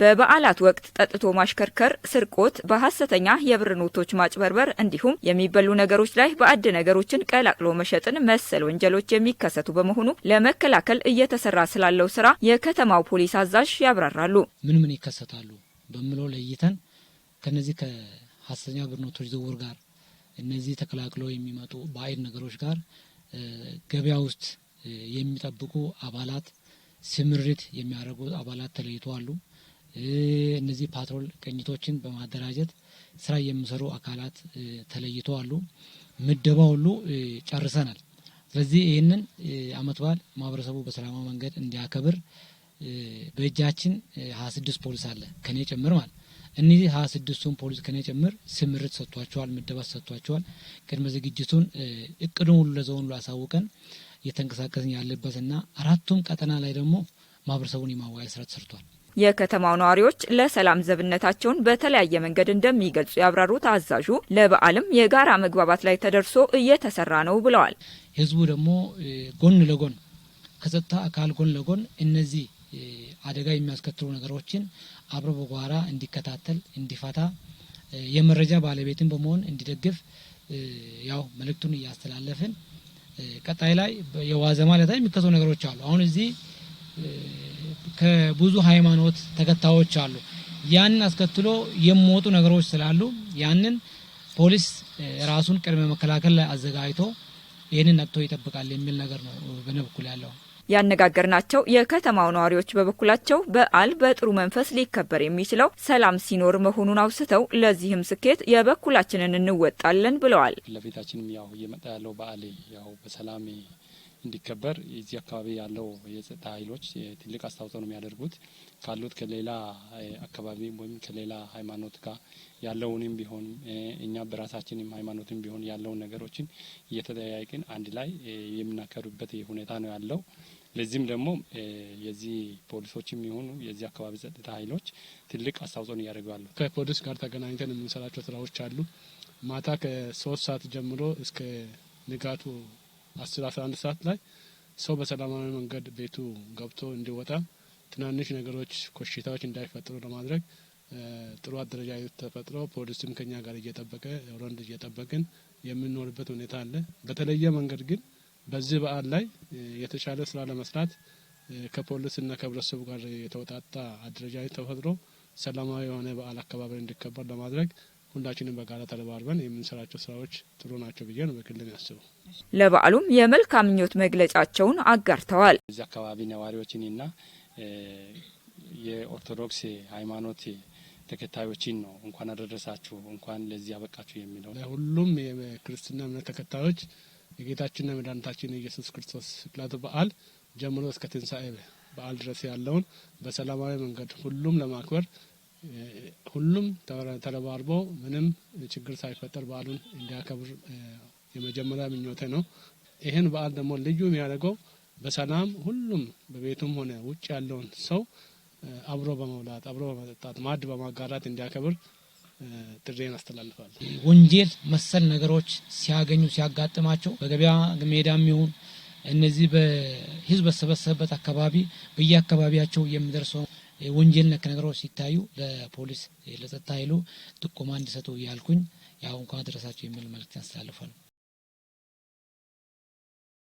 በበዓላት ወቅት ጠጥቶ ማሽከርከር፣ ስርቆት፣ በሐሰተኛ የብር ኖቶች ማጭበርበር እንዲሁም የሚበሉ ነገሮች ላይ ባዕድ ነገሮችን ቀላቅሎ መሸጥን መሰል ወንጀሎች የሚከሰቱ በመሆኑ ለመከላከል እየተሰራ ስላለው ስራ የከተማው ፖሊስ አዛዥ ያብራራሉ። ምን ምን ይከሰታሉ በምለው ለይተን ከነዚህ ከሐሰተኛ ብር ኖቶች ዝውውር ጋር እነዚህ ተቀላቅለው የሚመጡ ባዕድ ነገሮች ጋር ገበያ ውስጥ የሚጠብቁ አባላት ስምሪት የሚያደርጉ አባላት ተለይቶ አሉ። እነዚህ ፓትሮል ቅኝቶችን በማደራጀት ስራ የሚሰሩ አካላት ተለይቶ አሉ። ምደባ ሁሉ ጨርሰናል። ስለዚህ ይህንን አመት በዓል ማህበረሰቡ በሰላማዊ መንገድ እንዲያከብር በእጃችን ሀያ ስድስት ፖሊስ አለ ከኔ ጭምር ማለት እኒህ ሀያ ስድስቱን ፖሊስ ከኔ ጭምር ስምርት ሰጥቷቸዋል፣ ምደባ ሰጥቷቸዋል። ቅድመ ዝግጅቱን እቅዱን ሁሉ ለዘውን አሳውቀን እየተንቀሳቀስን ያለበትና አራቱም ቀጠና ላይ ደግሞ ማህበረሰቡን የማዋያ ስራ ተሰርቷል። የከተማው ነዋሪዎች ለሰላም ዘብነታቸውን በተለያየ መንገድ እንደሚገልጹ ያብራሩት አዛዡ ለበዓልም የጋራ መግባባት ላይ ተደርሶ እየተሰራ ነው ብለዋል። ህዝቡ ደግሞ ጎን ለጎን ከጸጥታ አካል ጎን ለጎን እነዚህ አደጋ የሚያስከትሉ ነገሮችን አብሮ በጓራ እንዲከታተል እንዲፈታ የመረጃ ባለቤትን በመሆን እንዲደግፍ ያው መልእክቱን እያስተላለፍን ቀጣይ ላይ የዋዘማ ለታ የሚከሰው ነገሮች አሉ። አሁን እዚህ ከብዙ ሃይማኖት ተከታዮች አሉ። ያንን አስከትሎ የሚወጡ ነገሮች ስላሉ ያንን ፖሊስ ራሱን ቅድመ መከላከል ላይ አዘጋጅቶ ይህንን ነቅቶ ይጠብቃል የሚል ነገር ነው በእኔ በኩል ያለው። ያነጋገርናቸው የከተማው ነዋሪዎች በበኩላቸው በዓል በጥሩ መንፈስ ሊከበር የሚችለው ሰላም ሲኖር መሆኑን አውስተው ለዚህም ስኬት የበኩላችንን እንወጣለን ብለዋል። ለፊታችንም ያው እየመጣ ያለው በዓል ያው በሰላም እንዲከበር የዚህ አካባቢ ያለው የጸጥታ ኃይሎች ትልቅ አስተዋጽኦ ነው የሚያደርጉት ካሉት ከሌላ አካባቢ ወይም ከሌላ ሃይማኖት ጋር ያለውንም ቢሆን እኛ በራሳችንም ሃይማኖትም ቢሆን ያለውን ነገሮችን እየተጠያየቅን አንድ ላይ የምናከሩበት ሁኔታ ነው ያለው። ለዚህም ደግሞ የዚህ ፖሊሶችም የሆኑ የዚህ አካባቢ ጸጥታ ኃይሎች ትልቅ አስተዋጽኦን እያደረጉ ያሉ። ከፖሊስ ጋር ተገናኝተን የምንሰራቸው ስራዎች አሉ። ማታ ከሶስት ሰዓት ጀምሮ እስከ ንጋቱ አስር አስራ አንድ ሰዓት ላይ ሰው በሰላማዊ መንገድ ቤቱ ገብቶ እንዲወጣ ትናንሽ ነገሮች ኮሽታዎች እንዳይፈጥሩ ለማድረግ ጥሩ አደረጃጀት ተፈጥሮ ፖሊስም ከኛ ጋር እየጠበቀ ሮንድ እየጠበቅን የምንኖርበት ሁኔታ አለ። በተለየ መንገድ ግን በዚህ በዓል ላይ የተሻለ ስራ ለመስራት ከፖሊስና ከህብረተሰቡ ጋር የተወጣጣ አደረጃጀት ተፈጥሮ ሰላማዊ የሆነ በዓል አከባበር እንዲከበር ለማድረግ ሁላችንም በጋራ ተረባርበን የምንሰራቸው ስራዎች ጥሩ ናቸው ብዬ ነው በግል የሚያስበው። ለበዓሉም የመልካም ምኞት መግለጫቸውን አጋርተዋል። እዚህ አካባቢ ነዋሪዎችንና የኦርቶዶክስ ሃይማኖት ተከታዮችን ነው እንኳን አደረሳችሁ እንኳን ለዚህ አበቃችሁ የሚለው ለሁሉም የክርስትና እምነት ተከታዮች የጌታችንና መድኃኒታችን ኢየሱስ ክርስቶስ ስቅለት በዓል ጀምሮ እስከ ትንሣኤ በዓል ድረስ ያለውን በሰላማዊ መንገድ ሁሉም ለማክበር ሁሉም ተረባርቦ ምንም ችግር ሳይፈጠር በዓሉን እንዲያከብር የመጀመሪያ ምኞት ነው። ይህን በዓል ደግሞ ልዩ የሚያደርገው በሰላም ሁሉም በቤቱም ሆነ ውጭ ያለውን ሰው አብሮ በመብላት አብሮ በመጠጣት ማዕድ በማጋራት እንዲያከብር ጥሬን አስተላልፋል ወንጀል መሰል ነገሮች ሲያገኙ ሲያጋጥማቸው በገበያ ሜዳም ይሁን እነዚህ በህዝብ በተሰበሰበበት አካባቢ በየአካባቢያቸው የሚደርሰው ወንጀል ነክ ነገሮች ሲታዩ ለፖሊስ ለጸጥታ ኃይሉ ጥቆማ እንዲሰጡ እያልኩኝ ያው እንኳን አደረሳችሁ የሚል መልእክት ያስተላልፋል።